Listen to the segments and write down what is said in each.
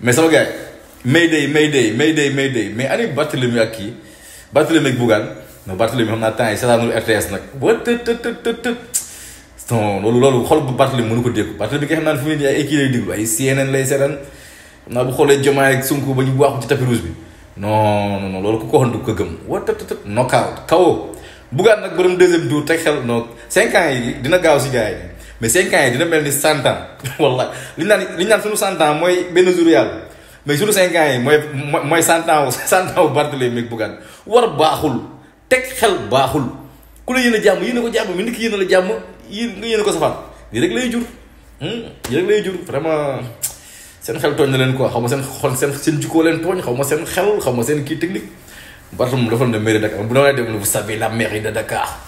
mais sama gars yi Mayday Mayday Mayday Mayday mais ani Barthélemy ak kii Barthélemy ak Bougane non Barthélemy xam naa temps yi nag ba të loolu loolu xol bu Barthélemy mënu ko dégg Barthélemy bi nga xam naa ne fi mu ne nii ay kii lay déglu ay CNN lay seetaan xam naa bu xoolee Diomaye ak Sonko ba ñu waxu ci tapis rouge bi non non non loolu ku ko waxoon du ko gëm wa të të të knockout kawo Bougane nag borom deuxième tour teg xel non cinq ans yi dina gaaw si gars yi mais cinq ans yi dina mel ni cent ans wallaahi li ñu naan li ñu naan suñu cent mooy benn jour yàlla mais suñu cinq ans yi mooy mooy cent ans cent ans wu Barthélémy meeg Bougane war baaxul teg xel baaxul ku la yéen a jàmm yéen a ko jàmm mi nit ki yéen a la jàmm yéen nga yéen a ko safaan lii rek lay jur hmm? lii rek lay jur vraiment seen xel tooñ na leen quoi xaw ma seen xaw ma seen xel xaw ma seen kii technique Barth moom dafa ne mairie Dakar bu nawee dem vous savez la mairie Dakar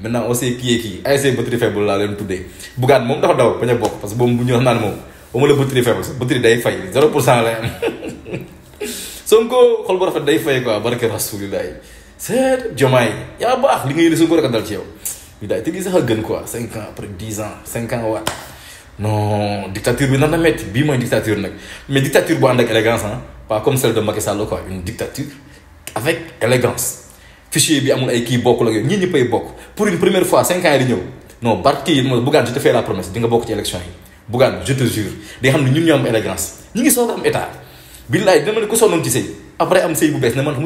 maintenant aussi qui est qui ay c'est batterie faible la len tuddé bugan mom dafa daw baña bok parce bom bu nan mom bama la batterie faible batterie day fay 0% la sonko xol bu rafet day fay quoi barke rasulillah c'est jomay ya bax li ngay li sonko rek dal ci yow bi day te sax gën quoi 5 ans après 10 ans 5 ans wa non dictature bi nan la metti bi moy dictature nak mais dictature bu and ak élégance hein pas comme celle de Macky Sall quoi une dictature avec élégance fichier bi amul ay kii bokk la yooyu ñii ñëppay bokk pour une première fois cinq ans yi ñëw non Barth kii moo Bougane je te fais la promesse di bokk ci élection yi Bougane je te jure di xam ne ñun ñoo am élégance ñi ngi soog a am état billaay dina ma ku sonnoon ci sëy après am sëy bu bees ne man